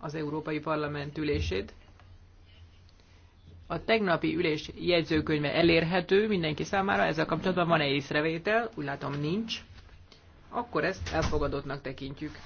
az Európai Parlament ülését. A tegnapi ülés jegyzőkönyve elérhető mindenki számára, ezzel kapcsolatban van-e észrevétel? Úgy látom nincs. Akkor ezt elfogadottnak tekintjük.